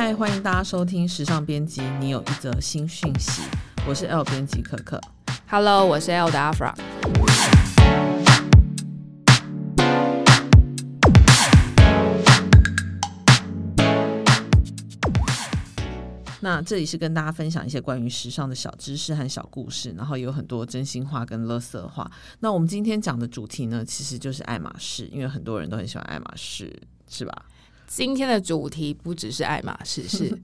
嗨，歡迎大家收聽時尚編輯，你有一則新訊息，我是 L 編輯可可。Hello，我是 L 的 Afra 。那這裡是跟大家分享一些關於時尚的小知識和小故事，然後也有很多真心話跟樂色話。那我們今天講的主題呢，其實就是愛馬仕，因為很多人都很喜歡愛馬仕，是吧？今天的主題不只是愛馬仕，是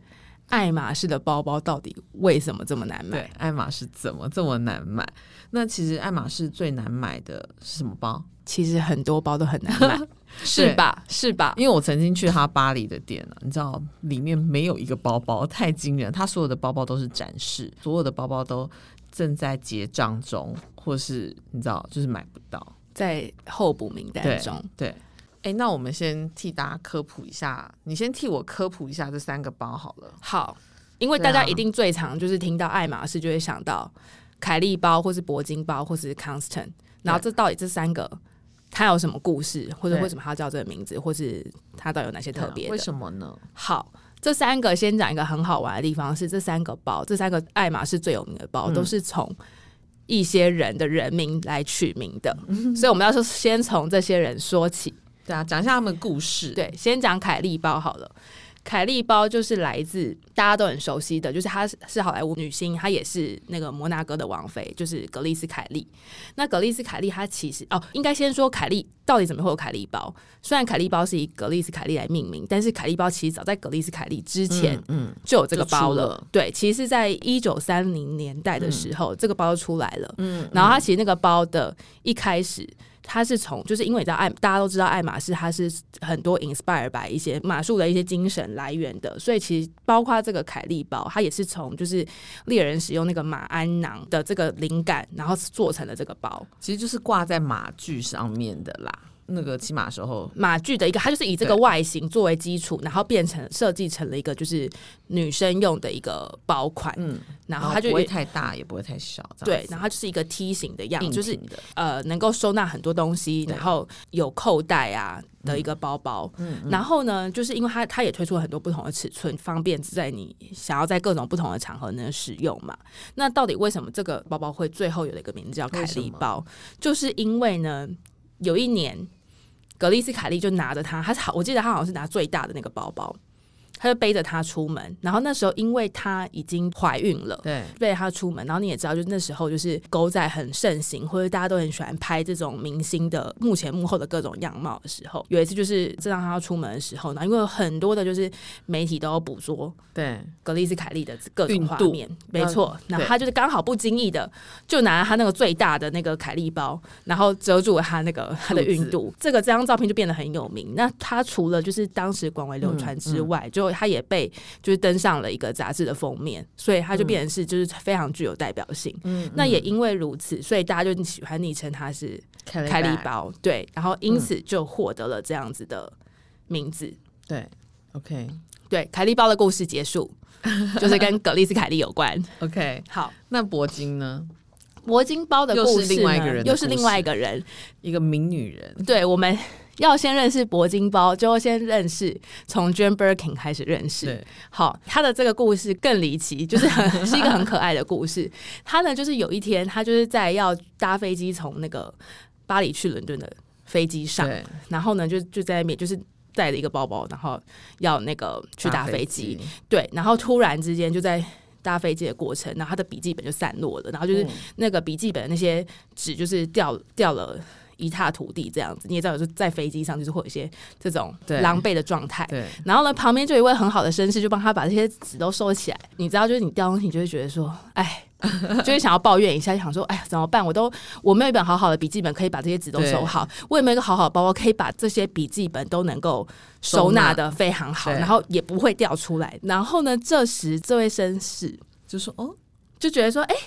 愛馬仕的包包到底為什麼這麼難買？對，愛馬仕怎麼這麼難買？那其實愛馬仕最難買的是什麼包？其實很多包都很難買， 是吧？是吧？因為我曾經去他巴黎的店了，你知道裡面沒有一個包包，太驚人！他所有的包包都是展示，所有的包包都正在結賬中，或是你知道，就是買不到，在候補名單中，對。對哎、欸，那我們先替大家科普一下，你先替我科普一下這三個包好了。好，因為大家一定最常就是聽到愛馬仕，就會想到凱莉包，或是鉑金包，或是 Constant。然後這到底這三個，它有什麼故事，或者為什麼它叫這個名字，或是它到底有哪些特別？為什麼呢？好，這三個先講一個很好玩的地方是，這三個包，這三個愛馬仕最有名的包，都是從一些人的人名來取名的。嗯、所以我們要說，先從這些人說起。對啊，講一下他們的故事。對，先講凱莉包好了。凱莉包就是來自大家都很熟悉的，就是她是好萊塢女星，她也是那個摩納哥的王妃，就是格麗斯凱莉。那格麗斯凱莉她其實哦，應該先說凱莉到底怎麼會有凱莉包。雖然凱莉包是以格麗斯凱莉來命名，但是凱莉包其實早在格麗斯凱莉之前，嗯，就有這個包了。嗯嗯、了對，其實，在一九三零年代的時候，嗯、這個包就出來了。嗯，嗯然後他其實那個包的一開始。它是從，就是因為你知道愛，大家都知道愛馬仕，它是很多 inspire by 一些馬術的一些精神來源的，所以其實包括這個凱莉包，它也是從就是獵人使用那個馬鞍囊的這個靈感，然後做成了這個包，其實就是掛在馬具上面的啦。那個騎馬時候，馬具的一個，它就是以這個外形作為基礎，然後變成設計成了一個就是女生用的一個包款，嗯，然後它就不會太大，也不會太小，對，然後它就是一個梯形的樣子，就是呃，能夠收納很多東西，然後有扣帶啊的一個包包，嗯，然後呢，就是因為它它也推出了很多不同的尺寸，方便在你想要在各種不同的場合能使用嘛。那到底為什麼這個包包會最後有了一個名字叫凱莉包？就是因為呢，有一年，格麗絲凱莉就拿着它，他是好，我記得他好像是拿最大的那個包包。他就背着她出門，然後那時候因為她已經懷孕了，對，背着她出門。然後你也知道，就是那時候就是狗仔很盛行，或者大家都很喜歡拍這種明星的幕前幕後的各種樣貌的時候。有一次就是這張他要出門的時候呢，因為有很多的就是媒體都要捕捉對格蕾絲凱莉的各種畫面，沒錯。那、啊、他就是剛好不經意的就拿了他那個最大的那個凱莉包，然後遮住了他那個他的孕肚。這個這張照片就變得很有名。那他除了就是當時廣為流傳之外，嗯嗯、就他也被就是登上了一個雜誌的封面，所以他就變成是就是非常具有代表性。嗯，那也因為如此，所以大家就喜歡昵稱他是凱莉包，對，然後因此就獲得了這樣子的名字。對，嗯，OK，對，okay，凱莉包的故事結束， 就是跟葛麗絲凱莉有關。OK，好，那柏金呢？柏金包的故事是另外一個人，又是另外一個人，一個名女人。對我們。要先認識柏金包，就先認識從 Jane Birkin 開始認識。對。好，他的這個故事更離奇，就是很 是一個很可愛的故事。他呢，就是有一天，他就是在要搭飛機從那個巴黎去倫敦的飛機上，然後呢，就就在那邊就是帶了一個包包，然後要那個去搭飛機。對，然後突然之間就在搭飛機的過程，然後他的筆記本就散落了，然後就是那個筆記本的那些紙就是掉掉了。一塌塗地，這樣子你也知道，有時候在飛機上就是會有一些這種狼狽的狀態。然後呢，旁邊就有一位很好的紳士，就幫他把這些紙都收起來。你知道，就是你掉東西，你就會覺得說，哎，就會想要抱怨一下，想說，哎呀，怎麼辦？我都我沒有一本好好的筆記本，可以把這些紙都收好。我也沒有一個好好的包包，可以把這些筆記本都能夠收納得非常好，然後也不會掉出來。然後呢，這時這位紳士就說：“哦，就覺得說，哎、欸。”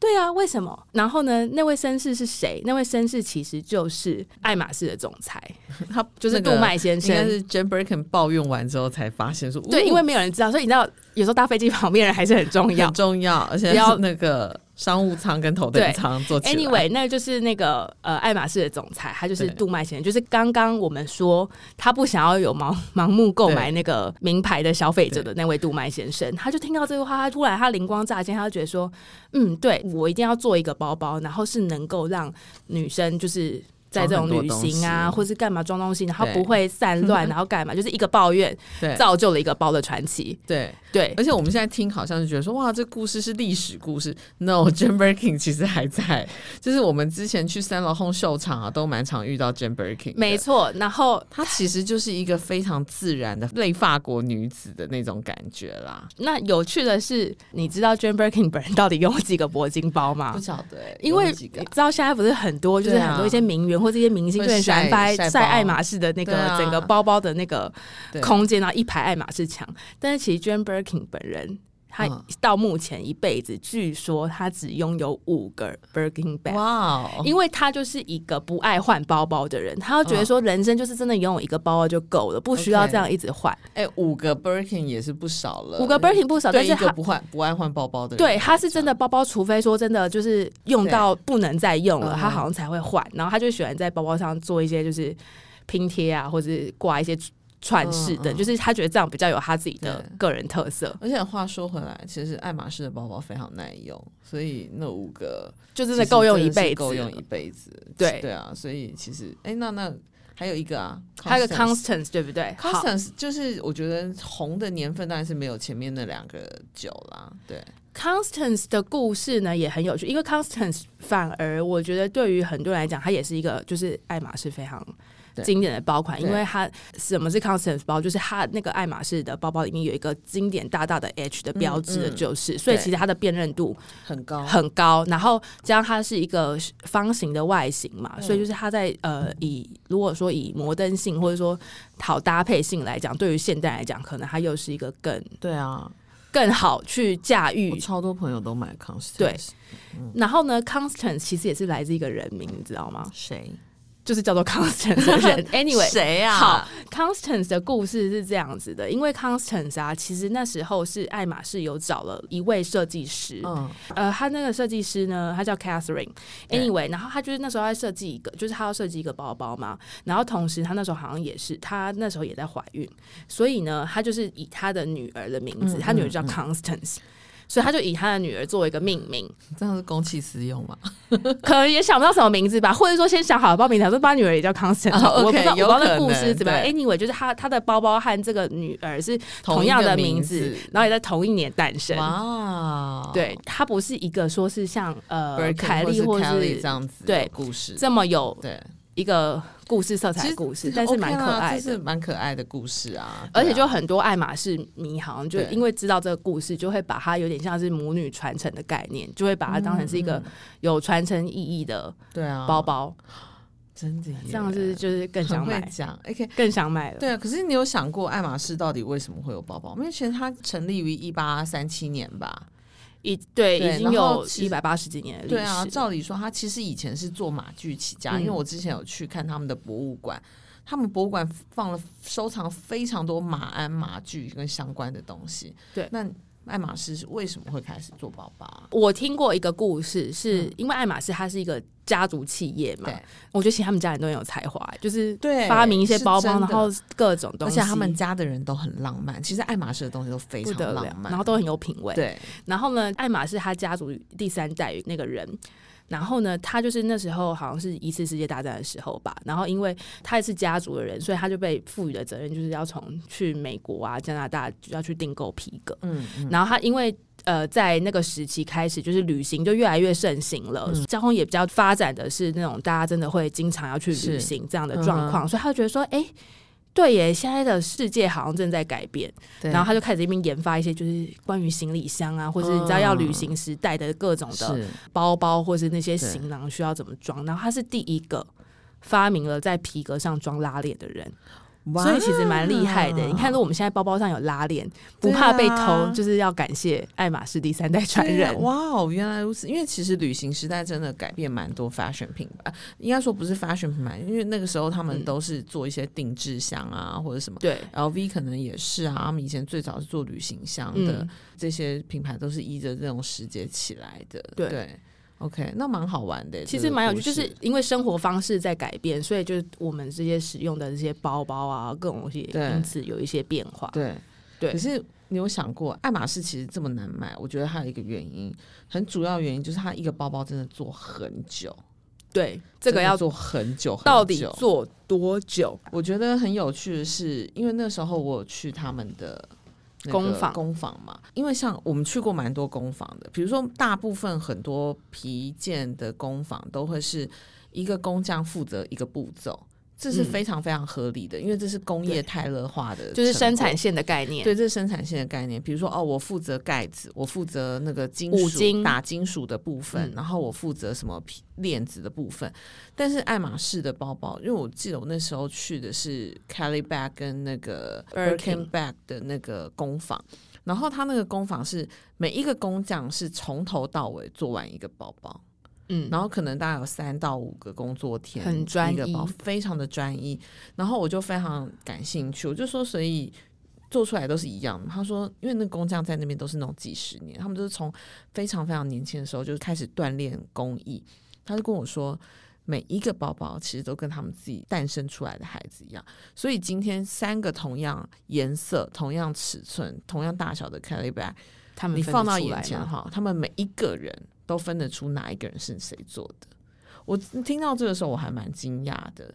對啊，為什麼？然後呢？那位紳士是誰？那位紳士其實就是愛馬仕的總裁，嗯、他就是杜麥先生。那個、是 Jane Birkin 抱怨完之後才發現是對哦哦，因為沒有人知道，所以你知道。有時候搭飛機旁邊人還是很重要，很重要，而且要那個商務艙跟頭等艙坐。Anyway，那就是那個呃愛馬仕的總裁，他就是杜麥先生，就是剛剛我們說他不想要有盲盲目購買那個名牌的消費者的那位杜麥先生，他就聽到這個話，他突然他靈光乍現，他就覺得說，嗯，對，我一定要做一個包包，然後是能夠讓女生就是。在這種旅行啊，或是幹嘛裝東西，然後不會散亂，然後幹嘛， 就是一個抱怨對，造就了一個包的傳奇。對對，而且我們現在聽，好像是覺得說，哇，這故事是歷史故事。No，Jane Birkin 其實還在，就是我們之前去三樓 Homme 秀場啊，都蠻常遇到 Jane Birkin。沒錯，然後她其實就是一個非常自然的，類法國女子的那種感覺啦。 那有趣的是，你知道 Jane Birkin 本人到底有幾個鉑金包嗎？不曉得，因為你知道現在不是很多，就是很多一些名媛。或這些明星就歡擺曬，曬，曬愛馬仕的那個整個包包的那個空間啊，一排愛馬仕牆。但是其實 Jane Birkin 本人。他到目前一輩子、哦，據說他只擁有五個 Birkin bag。哇、哦，因為他就是一個不愛換包包的人，他覺得說人生就是真的擁有一個包包就夠了，不需要這樣一直換。哎、哦 okay，五個 Birkin 也是不少了，五個 Birkin 不少，但是他不換，不愛換包包的人。對，他是真的包包，除非說真的就是用到不能再用了，他好像才會換、嗯。然後他就喜歡在包包上做一些就是拼貼啊，或者是掛一些。傳世的，嗯嗯，就是他覺得這樣比較有他自己的個人特色。而且話說回來，其實愛馬仕的包包非常耐用，所以那五個就真的夠用一輩子，夠用一輩子。對對啊，所以其實哎、欸，那那還有一個啊，Constance，還有個 Constance 對不對？Constance 就是我覺得紅的年份當然是沒有前面那兩個久啦。對 Constance 的故事呢也很有趣，因為 Constance 反而我覺得對於很多人來講，它也是一個就是愛馬仕非常。經典的包款，因為它什麼是 Constance 包？就是它那個愛馬仕的包包裡面有一個經典大大的 H 的標誌，就是、嗯嗯、所以其實它的辨認度很高很高。然後加上它是一個方形的外形嘛，所以就是它在呃以如果說以摩登性或者說好搭配性來講，對於現代來講，可能它又是一個更對啊更好去駕馭。超多朋友都買 Constance，對。然後呢、嗯、，Constance 其實也是來自一個人名，你知道嗎？誰？就是叫做 Constance 的人，Anyway， 誰啊？好，Constance 的故事是這樣子的，因為 Constance 啊，其實那時候是愛馬仕有找了一位設計師，嗯，呃，他那個設計師呢，他叫 Catherine，Anyway，、嗯、然後他就是那時候在設計一個，就是他要設計一個包包嘛，然後同時他那時候好像也是，他那時候也在懷孕，所以呢，他就是以他的女兒的名字，嗯嗯嗯他女兒叫 Constance。所以他就以他的女兒作為一個命名。這樣是公器私用嘛？ 可能也想不到什麼名字吧，或者說先想好了報名，他說把女兒也叫康森，O K，有，包的故事怎麼樣？Anyway，、欸、就是他他的包包和這個女兒是同樣的名字，名字然後也在同一年誕生。哇，對，他不是一個說是像呃凱莉或是、Kelly、這樣子對故事對這麼有對。一個故事色彩故事，但是蠻可愛的，蠻可愛的故事啊，啊！而且就很多愛馬仕迷好像就因為知道這個故事，就會把它有點像是母女傳承的概念，就會把它當成是一個有傳承意義的對啊包包，嗯啊，真的像是就是更想買，講 OK 更想買了。對啊，可是你有想過愛馬仕到底為什麼會有包包？因為其實它成立於一八三七年吧。已對，對，已經有一百八十幾年的歷史了。對啊，照理說，他其實以前是做馬具起家，嗯，因為我之前有去看他們的博物館，他們博物館放了收藏非常多馬鞍、馬具跟相關的東西。對，那愛馬仕是為什麼會開始做包包啊？我聽過一個故事，是因為愛馬仕它是一個。家族企業嘛，我覺得其實他們家人都很有才華，就是發明一些包包，然後各種東西。而且他們家的人都很浪漫，其實愛馬仕的東西都非常浪漫，然後都很有品味。對，然後呢，愛馬仕他家族第三代那個人，然後呢，他就是那時候好像是一次世界大戰的時候吧，然後因為他也是家族的人，所以他就被賦予的責任就是要從去美國啊、加拿大就要去訂購皮革。嗯，嗯，然後他因為。呃，在那個時期開始，就是旅行就越來越盛行了，嗯，交通也比較發展的是那種大家真的會經常要去旅行這樣的狀況，嗯，所以他就覺得說，哎，欸，對耶，現在的世界好像正在改變。然後他就開始一邊研發一些就是關於行李箱啊，或是你知道要旅行時帶的各種的包包，或是那些行囊需要怎麼裝，然後他是第一個發明了在皮革上裝拉鏈的人。所、wow，以其實蠻厲害的。啊、你看，如果我們現在包包上有拉鏈，不怕被偷，啊、就是要感謝愛馬仕第三代傳人。哇哦，wow，原來如此！因為其實旅行時代真的改變蠻多 fashion 品牌，應該說不是 fashion 品牌，因為那個時候他們都是做一些定制箱啊、嗯、或者什麼。對，LV 可能也是啊，他們以前最早是做旅行箱的，嗯、這些品牌都是依着這種時節起來的。對。對。OK，那蠻好玩的，其實蠻有趣，這個，就是因為生活方式在改變，所以就是我們這些使用的這些包包啊，各種東西，也，因此有一些變化，對，對。對可是你有想過，愛馬仕其實這麼難買？我覺得還有一個原因，很主要原因就是它一個包包真的做很久，對，很久很久這個要做很久，到底做多久？我覺得很有趣的是，因為那時候我去他們的。那個、工坊，工坊嘛，因為像我們去過蠻多工坊的，比如說大部分很多皮件的工坊都會是一個工匠負責一個步驟。這是非常非常合理的，嗯，因為這是工業泰勒化的，就是生產線的概念。對，這是生產線的概念。比如說，哦，我負責蓋子，我負責那個金屬金打金屬的部分，嗯，然後我負責什麼皮鏈子的部分。但是愛馬仕的包包，因為我記得我那時候去的是 Kelly Bag 跟那個 Birkin Bag 的那個工坊，Erking，然後他那個工坊是每一個工匠是從頭到尾做完一個包包。嗯，然後可能大概有三到五個工作天，很專一的包非常的專業，然後我就非常感興趣，我就說，所以做出來都是一樣的？他說，因為那工匠在那邊都是那種幾十年，他們都是從非常非常年輕的時候就開始鍛鍊工藝，他就跟我說。每一個包包其實都跟他們自己誕生出來的孩子一樣，所以今天三個同樣顏色、同樣尺寸、同樣大小的 Kelly Bag，他們你放到眼前的話，他們每一個人都分得出哪一個人是誰做的。我聽到這個時候我還蠻驚訝的。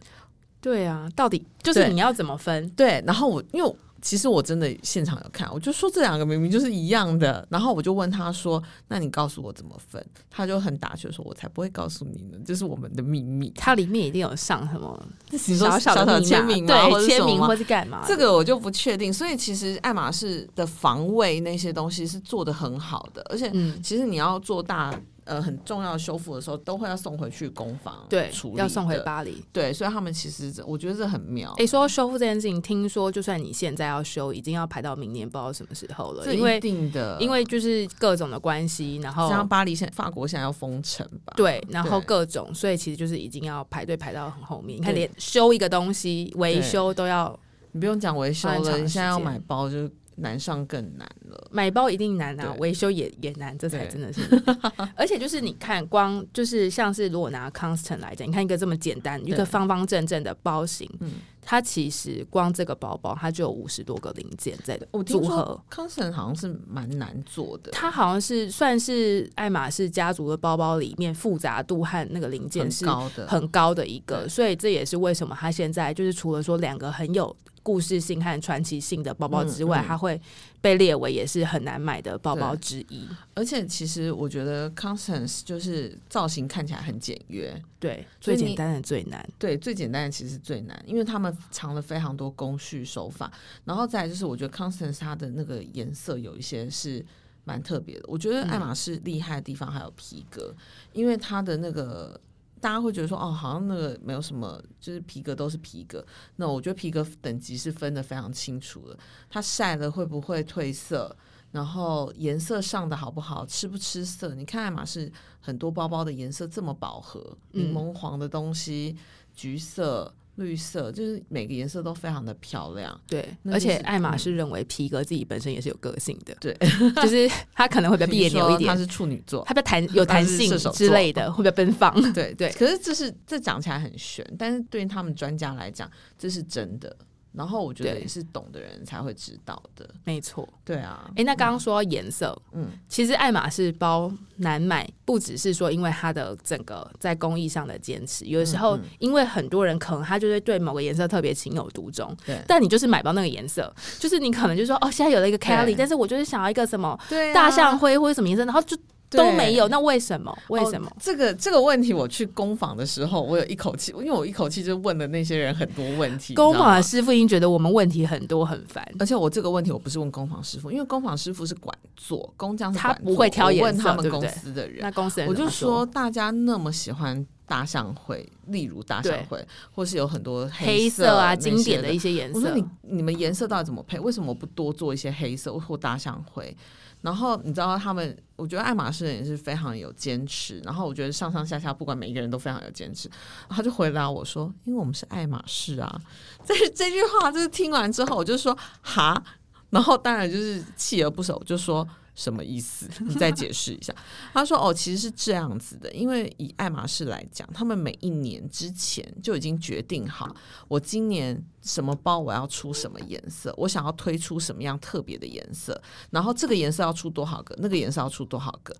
對啊，到底就是你要怎麼分？對，對，然後我又……其實我真的現場有看，我就說這兩個明明就是一樣的，然後我就問他說：“那你告訴我怎麼分？”他就很打趣說：“我才不會告訴你呢，這是我們的秘密。”它裡面一定有上什麼小小的小小簽名，對簽名或是幹嘛？這個我就不確定。所以其實愛馬仕的防衛那些東西是做得很好的，而且其實你要做大。嗯呃，很重要的修復的時候都會要送回去工坊，對，要送回巴黎，對，所以他們其實我覺得這很妙。誒、欸，說修復這件事情，聽說就算你現在要修，已經要排到明年，不知道什麼時候了。因為定的，因為就是各種的關係，然後像巴黎現在法國現在要封城吧，對，然後各種，所以其實就是已經要排隊排到很後面。你看，連修一個東西維修都要，你不用講維修了，你現在要買包就。難上更難了，買包一定難啊，維修也也難，這才真的是。 而且就是你看，光就是像是如果拿 Constant 來講，你看一個這麼簡單，一個方方正正的包型，嗯，它其實光這個包包它就有五十多個零件在的組合。Constant 好像是蠻難做的，它好像是算是愛馬仕家族的包包裡面複雜度和那個零件是高的很高的一個的，所以這也是為什麼它現在就是除了說兩個很有。故事性和傳奇性的包包之外，嗯嗯，它會被列為也是很難買的包包之一。而且，其實我覺得 Constance 就是造型看起來很簡約，對，最簡單的最難，對，最簡單的其實最難，因為他們藏了非常多工序手法。然後再就是，我覺得 Constance 它的那個顏色有一些是蠻特別的。我覺得愛馬仕厲害的地方還有皮革，嗯，因為它的那個。大家會覺得說哦，好像那個沒有什麼，就是皮革都是皮革。那我覺得皮革等級是分得非常清楚的。它曬了會不會褪色？然後顏色上的好不好，吃不吃色？你看愛馬仕很多包包的顏色這麼飽和，檸檬黃的東西，嗯、橘色。綠色就是每個顏色都非常的漂亮，對。就是、而且愛馬仕認為皮革自己本身也是有個性的，嗯、對。 就是它可能會比較別扭一點，它是處女座，它比較彈有彈性之類的，會比較奔放？對對,對。 可是這是這講起來很玄，但是對於他們專家來講，這是真的。然後我覺得也是懂的人才會知道的，沒錯，對啊。哎、欸，那剛剛說顏色，嗯，其實愛馬仕包難買，不只是說因為它的整個在工藝上的堅持，有的時候因為很多人可能他就是對某個顏色特別情有獨鍾，但你就是買包那個顏色，就是你可能就說哦，現在有了一個凱莉，但是我就是想要一個什麼大象灰或者什麼顏色，然後就。都沒有，那為什麼？為什麼？哦，這個這個問題，我去工坊的時候，我有一口氣，因為我一口氣就問了那些人很多問題。工坊的師傅已經覺得我們問題很多很煩，而且我這個問題我不是問工坊師傅，因為工坊師傅是管做工匠，他不會挑顏色，我問他們公司的人，對不對？那公司人我就說，大家那麼喜歡。大象灰，例如大象灰，或是有很多黑色，黑色啊，經典的一些顏色。我說你你們顏色到底怎麼配？為什麼不多做一些黑色或大象灰？然後你知道他們，我覺得愛馬仕人也是非常有堅持，然後我覺得上上下下不管每一個人都非常有堅持。他就回答我說：“因為我們是愛馬仕啊。”這這句話就是聽完之後，我就說：“哈！”然後當然就是鍥而不捨，就說。什麼意思？你再解釋一下。 他說：“哦，其實是這樣子的，因為以愛馬仕來講，他們每一年之前就已經決定好，我今年什麼包我要出什麼顏色，我想要推出什麼樣特別的顏色，然後這個顏色要出多少個，那個顏色要出多少個。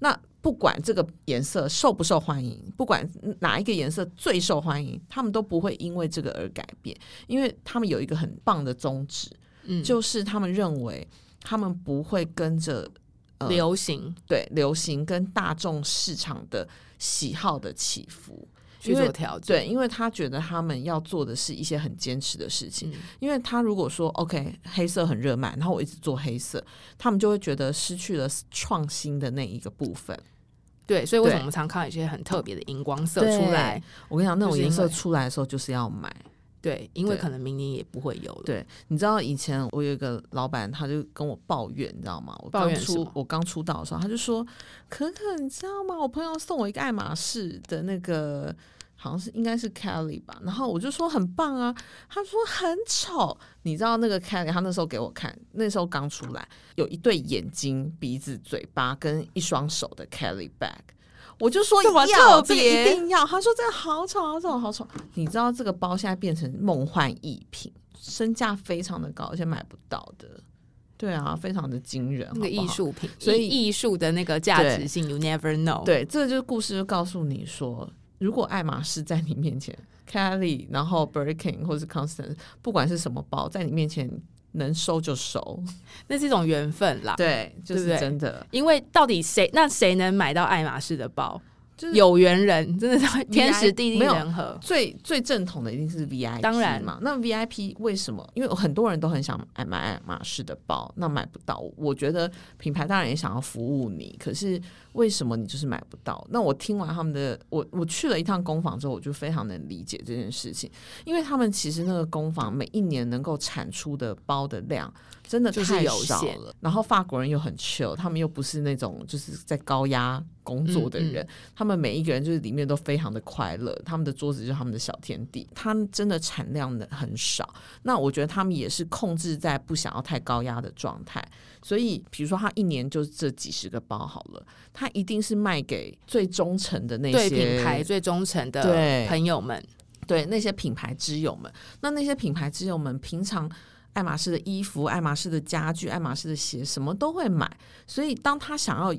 那不管這個顏色受不受歡迎，不管哪一個顏色最受歡迎，他們都不會因為這個而改變，因為他們有一個很棒的宗旨，嗯，就是他們認為。”他們不會跟着、呃、流行，對流行跟大眾市場的喜好的起伏去做調整。對，因為他覺得他們要做的是一些很堅持的事情。嗯、因為他如果說 OK 黑色很熱賣，然後我一直做黑色，他們就會覺得失去了創新的那一個部分。對，所以為什麼我們常看一些很特別的熒光色出來？我跟你講，那種顏色出來的時候就是要買。對，因為可能明年也不會有了。對，對，你知道以前我有一個老闆，他就跟我抱怨，你知道嗎？我剛出，抱怨什麼？我剛出道的時候，他就說：“可可，你知道嗎？我朋友送我一個愛馬仕的那個，好像是應該是 Kelly 吧。”然後我就說很棒啊，他說很醜。你知道那個 Kelly，他那時候給我看，那時候剛出來，有一對眼睛、鼻子、嘴巴跟一雙手的 Kelly bag。我就說一要，別、這個、一定要。他說，這個好醜，好醜，好醜。你知道這個包現在變成夢幻逸品，身價非常的高，而且買不到的。對啊，非常的驚人，那個藝術品，好不好，所以藝術的那個價值性，you never know。對，這個、就是故事告訴你說，如果愛馬仕在你面前，Kelly，然後 Birkin，或者是 Constance，不管是什麼包，在你面前。能收就收，那是一種緣分啦。對，就是真的對對。因為到底誰，那誰能買到愛馬仕的包？就是、有緣人，真的是天時地利人和。最最正統的一定是 VIP，當然嘛。那 VIP 為什麼？因為很多人都很想買愛馬仕的包，那買不到。我覺得品牌當然也想要服務你，可是為什麼你就是買不到？那我聽完他們的，我我去了一趟工坊之後，我就非常能理解這件事情，因為他們其實那個工坊每一年能夠產出的包的量。真的太有太少了，然後法國人又很 chill，他們又不是那種就是在高壓工作的人，他們每一個人就是裡面都非常的快樂，他們的桌子就是他們的小天地，他們真的產量的很少，那我覺得他們也是控制在不想要太高壓的狀態，所以比如說他一年就這幾十個包好了，他一定是賣給最忠誠的那些品牌，最忠誠的朋友們，對那些品牌之友們，那那些品牌之友們平常。愛馬仕的衣服、愛馬仕的家具、愛馬仕的鞋，什麼都會買。所以，當他想要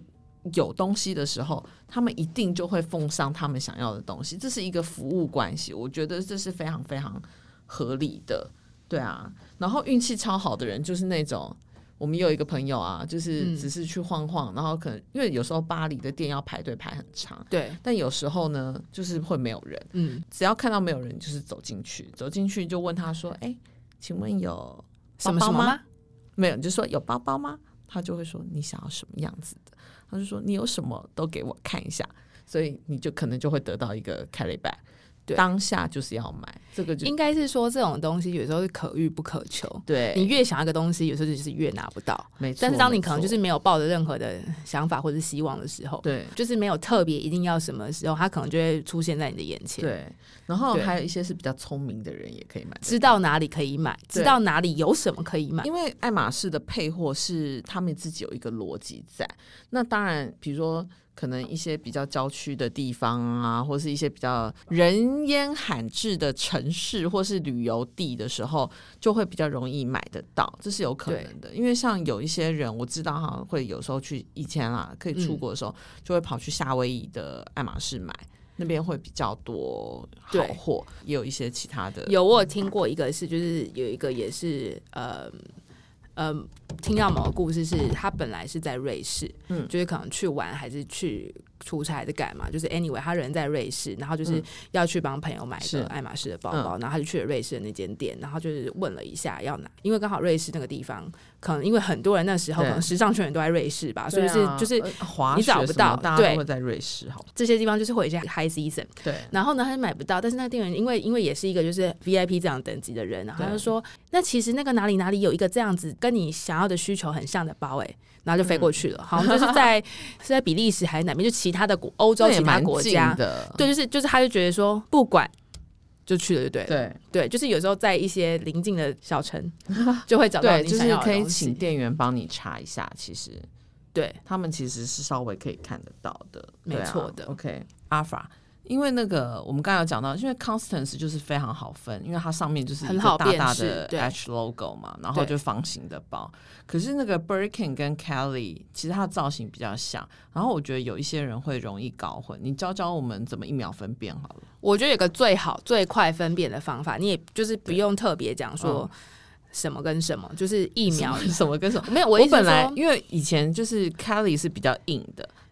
有東西的時候，他們一定就會奉上他們想要的東西。這是一個服務關係，我覺得這是非常非常合理的，對啊。然後運氣超好的人就是那種，我們有一個朋友啊，就是只是去晃晃，嗯、然後可能因為有時候巴黎的店要排隊排很長，對。但有時候呢，就是會沒有人，嗯，只要看到沒有人，就是走進去，走進去就問他說：“哎、欸。”請問有什麼，什，麼什麼嗎？沒有，就說有包包嗎？他就會說，你想要什麼樣子的？他就說，你有什麼都給我看一下，所以你就可能就會得到一個 Kelly bag。當下就是要買，這個就應該是說這種東西有時候是可遇不可求。對你越想要個東西，有時候就是越拿不到。沒錯，但是當你可能就是沒有抱着任何的想法或者希望的時候，對，就是沒有特別一定要什麼的時候，它可能就會出現在你的眼前。對，然後還有一些是比較聰明的人也可以買，知道哪裡可以買，知道哪裡有什麼可以買。因為愛馬仕的配貨是他們自己有一個邏輯在。那當然，比如說。可能一些比較郊區的地方啊，或者是一些比較人煙罕至的城市，或是旅遊地的時候，就會比較容易買得到，這是有可能的。因為像有一些人，我知道哈，會有時候去以前啊，可以出國的時候、嗯，就會跑去夏威夷的愛馬仕買，嗯、那邊會比較多好貨，也有一些其他的。有我有聽過一個是，就是有一個也是呃呃。呃聽到某個故事，是他本來是在瑞士，嗯，就是可能去玩還是去出差還是幹嘛，就是 anyway，他人在瑞士，然後就是要去幫朋友買個愛馬仕的包包，嗯、然後他就去了瑞士的那間店，然後就是問了一下要拿，因為剛好瑞士那個地方，可能因為很多人那時候可能時尚圈人都在瑞士吧，所以就是就是你找不到，對、呃，大家都在瑞士好這些地方就是會有一些 high season，對。然後呢，他就買不到，但是那個店員因為因為也是一個就是 VIP 這樣等級的人，然後他就說，那其實那個哪裡哪裡有一個這樣子跟你想。然後的需求很像的包，哎、欸，然後就飛過去了。嗯、好，就是在是在比利時還是哪邊？就其他的國歐洲其他國家的，對，就是就是，他就覺得說不管，就去了，就對，對對，就是有時候在一些鄰近的小城就會找到 你的，就是可以請店員幫你查一下。其實對他們其實是稍微可以看得到的，沒錯的。啊、OK，阿法。Afra 因為那個我們剛才有講到，因為 Constance 就是非常好分，因為它上面就是一個大大的 H logo 嘛，然後就方形的包。可是那個 Birkin 跟 Kelly，其實它的造型比較像，然後我覺得有一些人會容易搞混。你教教我們怎麼一秒分辨好了。我覺得有個最好最快分辨的方法，你也就是不用特別講說什麼，什，麼什麼跟什麼，就是一秒什,什麼跟什麼。沒有，我，我本來因為以前就是 Kelly 是比較硬的。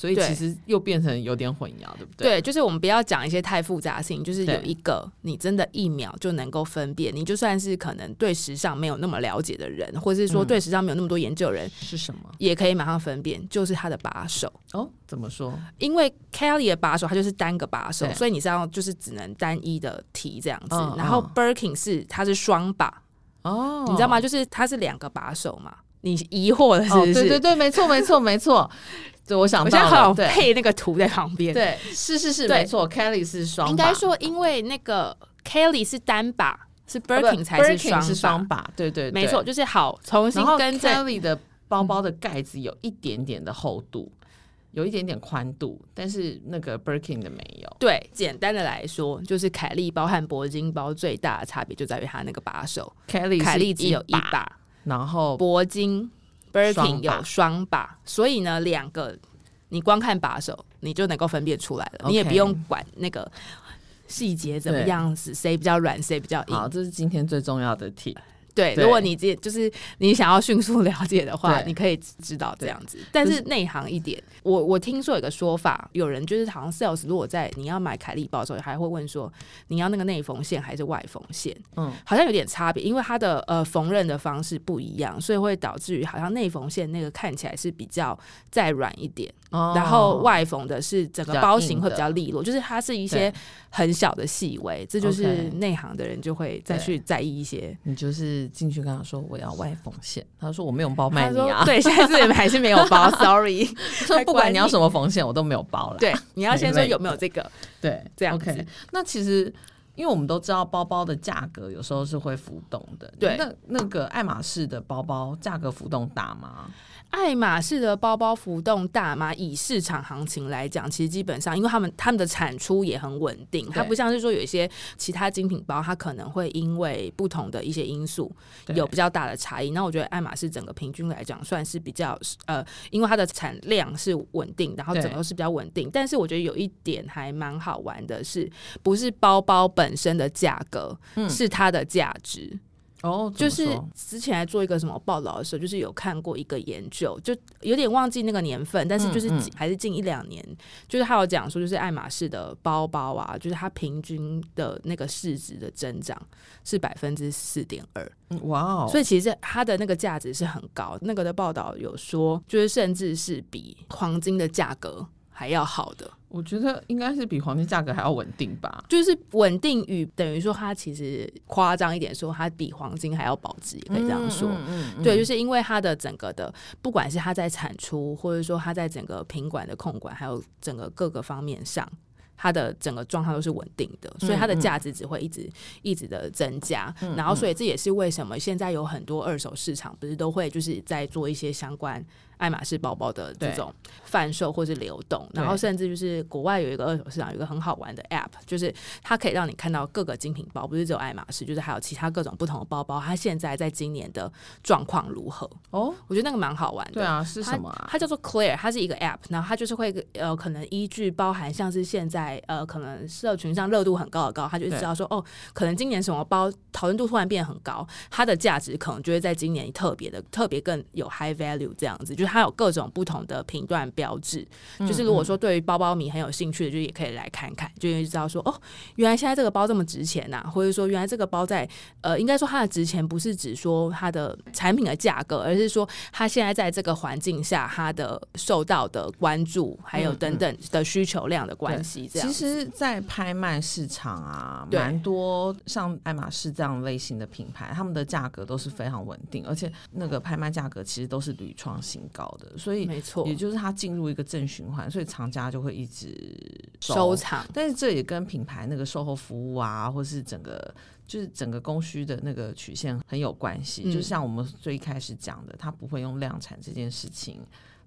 所以其實又變成有點混淆，對，對不對？對，就是我們不要講一些太複雜性，就是有一個你真的一秒就能夠分辨，你就算是可能對時尚沒有那麼了解的人，或者是說對時尚沒有那麼多研究人，嗯、是什麼也可以馬上分辨，就是它的把手。哦，怎麼說？因為 Kelly 的把手它就是單個把手，所以你知道，就是只能單一的提這樣子。嗯、然後 Birkin 是它是雙把哦，你知道嗎？就是它是兩個把手嘛。你疑惑了是不是、哦？對對對，沒錯沒錯沒錯。沒錯 對，我想，我現在好想配那個圖在旁邊。對，是是是沒，沒錯，Kelly 是雙。應該說，因為那個 Kelly 是單把，哦、是 Birkin 才是雙把、把。對對、對，沒錯，就是好，重新跟 Kelly 的包包的蓋子有一點點的厚度，嗯、有一點點寬度，但是那個 Birkin 的沒有。對，簡單的來說，就是凱莉包和柏金包最大的差別就在於它那個把手，Kelly 凱莉只有一把，然後柏金。柏金、有雙把、把，所以呢，兩個你光看把手，你就能夠分辨出來了，okay。你也不用管那個細節怎麼樣子，誰比較軟，誰比較硬。好，這是今天最重要的題。對，如果你自己就是你想要迅速了解的話，你可以知道這樣子。但是內行一點，我我聽說有個說法，有人就是好像 sales，如果在你要買凱莉包的時候，還會問說你要那個內縫線還是外縫線。嗯，好像有點差別，因為它的呃縫紉的方式不一樣，所以會導致於好像內縫線那個看起來是比較再軟一點。哦，然後外縫的是整個包型會比較利落，就是它是一些很小的細微，這就是內行的人就會再去在意一些。你就是。進去跟他說，我要外縫線，他說我沒有包賣你啊，對，現在這裡還是沒有包 ，sorry， 他說不管你要什麼縫線， 我都沒有包了。對，你要先說有沒有這個，妹妹對，這樣子。Okay. 那其實，因為我們都知道包包的價格有時候是會浮動的，對。那那個愛馬仕的包包價格浮動大嗎？愛馬仕的包包浮動大嗎？以市場行情來講，其實基本上，因為他們他們的產出也很穩定，它不像是說有一些其他精品包，它可能會因為不同的一些因素有比較大的差異。那我覺得愛馬仕整個平均來講算是比較呃，因為它的產量是穩定，然後整個是比較穩定。但是我覺得有一點還蠻好玩的是，不是包包本身的價格，是它的價值。嗯哦、oh，就是之前還做一個什麼報道的時候，就是有看過一個研究，就有點忘記那個年份，但是就是還是近一兩年，就是他有講說，就是愛馬仕的包包啊，就是它平均的那個市值的增長是百分之四點二，哇哦！Wow. 所以其實它的那個價值是很高。那個的報道有說，就是甚至是比黃金的價格。還要好的。我覺得應該是比黃金價格還要穩定吧。就是穩定與等於說，它其實誇張一點說，它比黃金還要保值，也可以這樣說嗯嗯。嗯，對，就是因為它的整個的，不管是它在產出，或者說它在整個品管的控管，還有整個各個方面上，它的整個狀態都是穩定的，所以它的價值只會一直一直的增加。嗯嗯、然後，所以這也是為什麼現在有很多二手市場不是都會就是在做一些相關愛馬仕包包的這種販售或是流動，然後甚至就是國外有一個二手市場，有一個很好玩的 App，就是它可以讓你看到各個精品包，不是只有愛馬仕，就是還有其他各種不同的包包。它現在在今年的狀況如何？哦，我覺得那個蠻好玩的。對啊，是什麼啊？它，它叫做 Clear，它是一個 App，然後它就是會呃，可能依據包含像是現在呃，可能社群上熱度很高的高，它就知道說哦，可能今年什麼包討論度突然變得很高，它的價值可能就會在今年特別的特別更有 High Value 這樣子，就。它有各種不同的頻段標誌、嗯，就是如果說，對於包包迷很有興趣的，就也可以來看看，就因為知道說哦，原來現在這個包這麼值錢吶、啊，或者說原來這個包在呃，應該說它的值錢不是指說它的產品的價格，而是說它現在在這個環境下它的受到的關注，還有等等的需求量的關係、嗯。這樣，其實，在拍賣市場啊，蠻多像愛馬仕這樣類型的品牌，他們的價格都是非常穩定，而且那個拍賣價格其實都是屢創新高，高的，所以沒錯，也就是它進入一個正循環，所以廠家就會一直收藏。但是這也跟品牌那個售後服務啊，或是整個就是整個供需的那個曲線很有關係，嗯。就像我們最一開始講的，它不會用量產這件事情。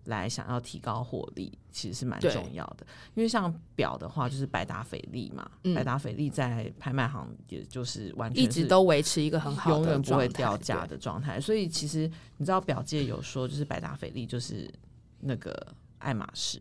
來想要提高獲利，其實是蠻重要的。因為像錶的話，就是百達翡麗嘛，嗯、百達翡麗在拍賣行也就是完全是一直都維持一個很好的，永遠不會掉價的狀態。所以其實你知道，錶界有說，就是百達翡麗就是那個愛馬仕。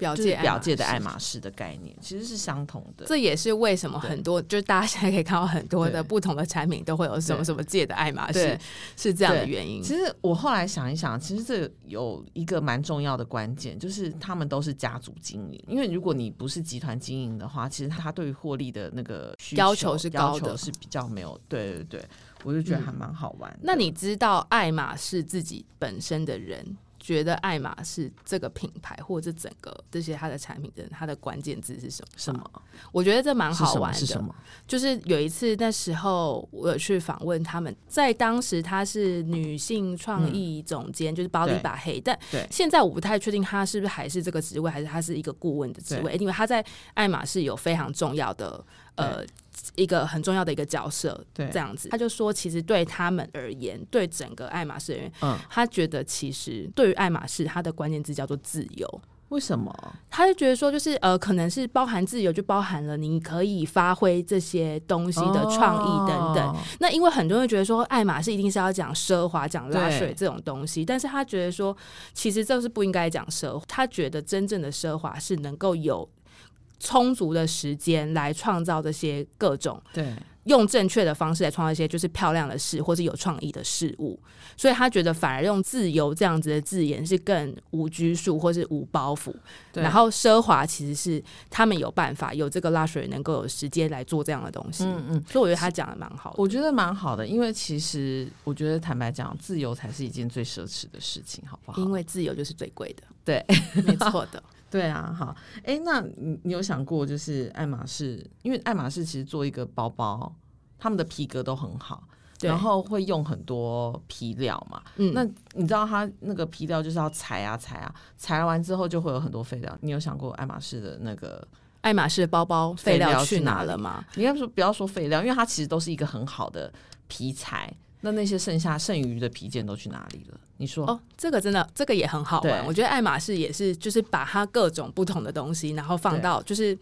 表界、就是、表界的愛馬仕的概念其實是相同的，這也是為什麼很多就是大家現在可以看到很多的不同的產品都會有什麼什麼界的愛馬仕是這樣的原因。其實我後來想一想，其實這有一個蠻重要的關鍵，就是他們都是家族經營，因為如果你不是集團經營的話，其實他對於獲利的那個需求，要求是高的，是比較沒有，對對對，我就覺得還蠻好玩、嗯。那你知道愛馬仕自己本身的人？覺得愛馬仕這個品牌或者是整個這些它的產品，的它的關鍵字是什麼？什麼？我覺得這蠻好玩的是。是什麼？就是有一次那時候我有去訪問他們，在當時他是女性創意總監，嗯，就是包裡把黑。但現在我不太確定他是不是還是這個職位，還是他是一個顧問的職位，欸，因為他在愛馬仕有非常重要的呃。一個很重要的一個角色，對，這樣子，他就說，其實對他們而言，對整個愛馬仕人員，嗯，他覺得其實對於愛馬仕，他的關鍵字叫做自由。為什麼？他就覺得說，就是呃，可能是包含自由，就包含了你可以發揮這些東西的創意等等。哦。那因為很多人覺得說，愛馬仕一定是要講奢華、講拉水這種東西，但是他覺得說，其實這是不應該講奢。他覺得真正的奢華是能夠有。充足的時間來創造這些各種，對，用正確的方式來創造一些就是漂亮的事，或是有創意的事物。所以他覺得反而用自由這樣子的字眼是更無拘束或是無包袱。對。然後奢華其實是他們有辦法有這個 luxury，能夠有時間來做這樣的東西。嗯嗯，所以我覺得他講的蠻好的。我覺得蠻好的，因為其實我覺得坦白講，自由才是一件最奢侈的事情，好不好？因為自由就是最貴的。對，沒錯的。 對啊，好，哎，那你你有想過，就是愛馬仕，因為愛馬仕其實做一個包包，他們的皮革都很好，然後會用很多皮料嘛。嗯，那你知道它那個皮料就是要裁啊裁啊，裁完之後就會有很多廢料。你有想過愛馬仕的那個愛馬仕包包廢料去哪了嗎？你要是不要說廢料，因為它其實都是一個很好的皮材。那那些剩下剩餘的皮件都去哪裡了？你說哦，這個真的，這個也很好玩。我覺得愛馬仕也是，就是把它各種不同的東西，然後放到，就是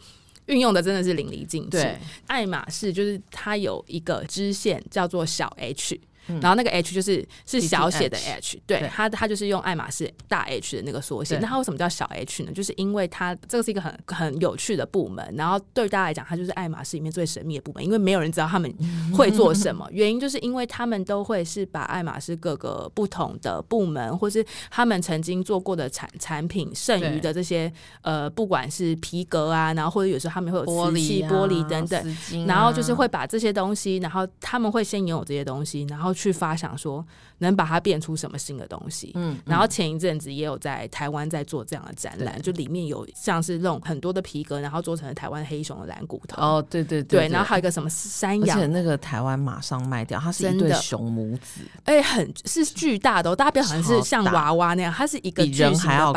運用的真的是淋漓盡致。對。愛馬仕就是它有一個支線叫做小 H。然後那個 H 就是、嗯、是小寫的 H，T -T -H 對，對它它就是用愛馬仕大 H 的那個縮寫。那它為什麼叫小 H 呢？就是因為它這個是一個很很有趣的部門。然後對於大家來講，它就是愛馬仕裡面最神秘的部門，因為沒有人知道他們會做什麼。 原因就是因為他們都會是把愛馬仕各個不同的部門，或是他們曾經做過的產產品剩餘的這些呃，不管是皮革啊，然後或者有時候他們會有瓷器、玻璃、啊、玻璃等等、啊，然後就是會把這些東西，然後他們會先擁有這些東西，然後。去發想說能把它變出什麼新的東西，嗯，然後前一陣子也有在台灣在做這樣的展覽，就裡面有像是那種很多的皮革，然後做成了台灣黑熊的藍骨頭，哦，對、對對對，對，然後還有一個什麼山羊，而且那個台灣馬上賣掉，它是一對熊母子，哎、欸，很是巨大的、哦，大家不好像是像娃娃那樣，它是一個巨型的擺設比人還要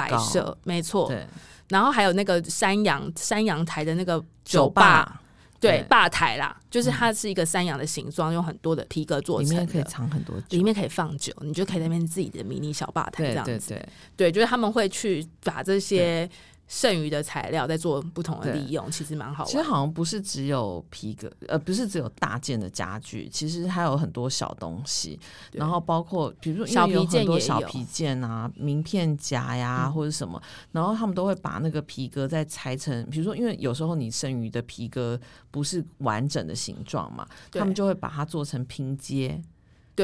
高，沒錯，對，然後還有那個山羊，山羊台的那個酒吧。酒吧對，吧台啦，就是它是一個山羊的形狀，嗯，用很多的皮革做成，裡面可以藏很多酒，裡面可以放酒，你就可以在那邊自己的迷你小吧台這樣子，對對對。對，就是他們會去把這些。剩餘的材料在做不同的利用，其實蠻好玩的。其實好像不是只有皮革，呃，不是只有大件的家具，其實還有很多小東西。然後包括，比如說，因為有很多小皮件啊，件名片夾呀、啊，或者什麼、嗯，然後他們都會把那個皮革再裁成，比如說，因為有時候你剩餘的皮革不是完整的形狀嘛，他們就會把它做成拼接。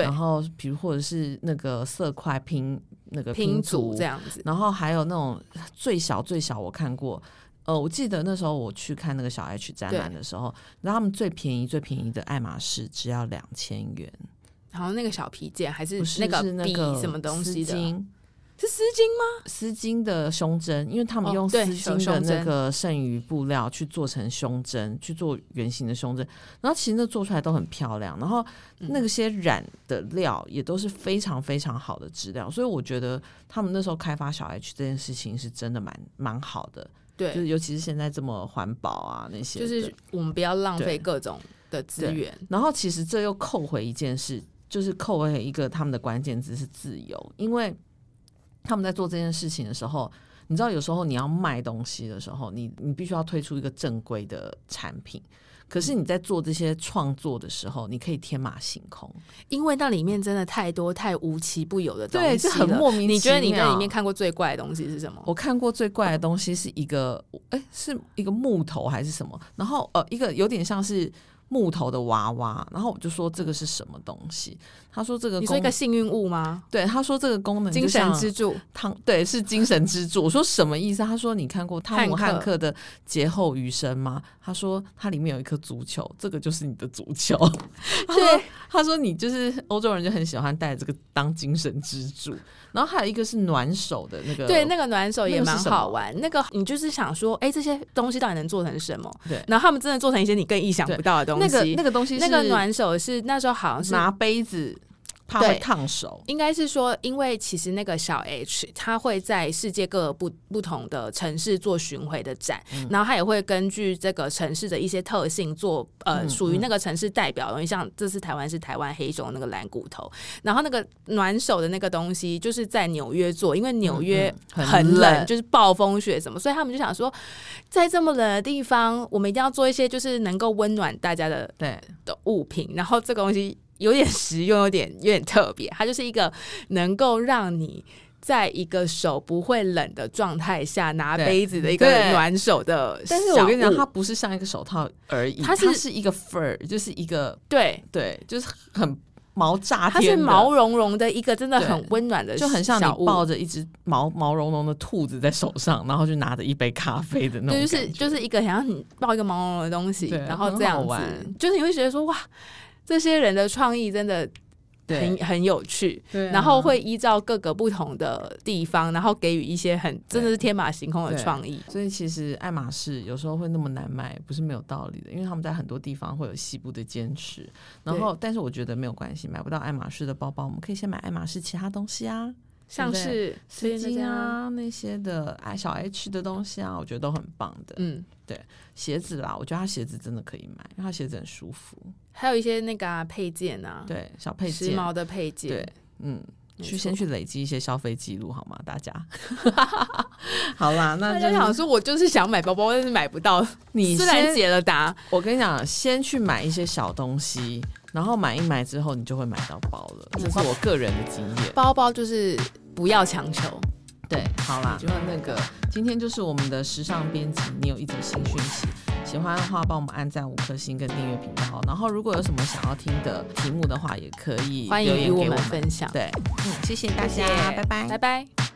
然後，比如或者是那個色塊拼那個拼圖拼這樣子，然後還有那種最小最小，我看過。呃，我記得那時候我去看那個小 H 展覽的時候，然後他們最便宜最便宜的愛馬仕只要兩千元，然後那個小皮件還是那個那個什麼東西的。是絲巾嗎？絲巾的胸針，因為他們用絲巾的那個剩餘布料去做成胸針，去做圓形的胸針。然後其實那做出來都很漂亮。然後那些染的料也都是非常非常好的質料。所以我覺得他們那時候開發小 H 這件事情是真的蠻蠻好的。對，就是尤其是現在這麼環保啊那些，就是我們不要浪費各種的資源。然後其實這又扣回一件事，就是扣回一個他們的關鍵字是自由，因為。他們在做這件事情的時候，你知道，有時候你要賣東西的時候，你你必須要推出一個正規的產品。可是你在做這些創作的時候，你可以天馬行空，因為那裡面真的太多太無奇不有的東西。對，這很莫名其妙。你覺得你在裡面看過最怪的東西是什麼？嗯、我看過最怪的東西是一個，誒、欸，是一個木頭還是什麼？然後呃，一個有點像是。木頭的娃娃，然後我就說，這個是什麼東西？他說，這個功能，你是一個幸運物嗎？對，他說這個功能精神支柱，湯，對，是精神支柱。我說什麼意思？他說，你看過湯姆漢克的《劫後餘生》嗎？他說，它裡面有一顆足球，這個就是你的足球。他說他說：“你就是歐洲人，就很喜歡帶這個當精神支柱。然後還有一個是暖手的那個，對，那個暖手也蠻好玩，那個。那個你就是想說，哎，欸，這些東西到底能做成什麼？對，然後他們真的做成一些你更意想不到的東西。那個那個東西，那個暖手是那時候好像是拿杯子。”怕會燙手，應該是說，因為其實那個小 H 他會在世界各不不同的城市做巡回的展，然後他也會根據這個城市的一些特性做呃屬於那個城市代表的東西，像這次台灣是台灣黑熊那個藍骨頭，然後那個暖手的那個東西就是在紐約做，因為紐約很冷，嗯嗯很冷，就是暴風雪什麼，所以他們就想說，在這麼冷的地方，我們一定要做一些就是能夠溫暖大家的對的物品，然後這個東西。有點實用，有點有點特別，它就是一個能夠讓你在一個手不會冷的狀態下拿杯子的一個暖手的。但是我跟你講，它不是像一個手套而已，它是它是一個 fur，就是一個對對，就是很毛炸，它是毛茸茸的一個，真的很溫暖的，就很像你抱着一隻毛毛茸茸的兔子在手上，然後就拿着一杯咖啡的那種感覺，就是就是一個想你抱一個毛茸茸的東西，然後這樣子玩，就是你會覺得說哇。這些人的創意真的很很有趣，啊，然後會依照各個不同的地方，然後給予一些很真的是天馬行空的創意。所以其實愛馬仕有時候會那麼難買，不是沒有道理的，因為他們在很多地方會有西部的堅持。然後，但是我覺得沒有關係，買不到愛馬仕的包包，我們可以先買愛馬仕其他東西啊。像是對對絲巾啊，那那些的，啊、哎，小 H 的東西啊，我覺得都很棒的。嗯，對，鞋子啦，我覺得他鞋子真的可以買，因為他鞋子很舒服。還有一些那個、啊、配件啊，對，小配件，時髦的配件。對，嗯，去先去累積一些消費記錄好嗎？大家， 好啦，那就是、想說我就是想買包包，但是買不到。你先然解了答，我跟你講，先去買一些小東西。然後買一買之後，你就會買到包了。這是我個人的經驗。包包就是不要強求。對，好啦。那就那個，今天就是我們的時尚編輯，你有一則新訊息。喜歡的話，幫我們按讚五顆星跟訂閱頻道。然後，如果有什麼想要聽的題目的話，也可以留言給我們，歡迎我們分享。對，嗯，謝謝大家，謝謝，拜拜，拜拜。